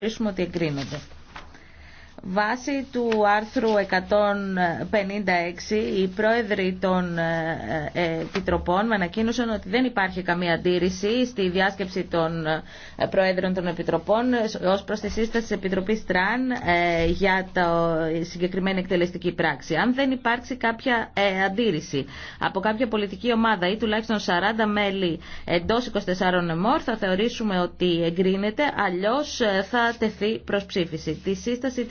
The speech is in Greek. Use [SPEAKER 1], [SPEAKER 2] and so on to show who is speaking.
[SPEAKER 1] θεωρήσουμε ότι εγκρίνονται. Βάσει του άρθρου 156, οι πρόεδροι των ε, επιτροπών με ανακοίνωσαν ότι δεν υπάρχει καμία αντίρρηση στη διάσκεψη των ε, πρόεδρων των επιτροπών ως προς τη σύσταση της Επιτροπής Τραν ε, για τη συγκεκριμένη εκτελεστική πράξη. Αν δεν υπάρξει κάποια αντίρρηση από κάποια πολιτική ομάδα ή τουλάχιστον 40 μέλη εντός 24 εμόρ, θα θεωρήσουμε ότι εγκρίνεται, αλλιώς θα
[SPEAKER 2] τεθεί προς ψήφιση.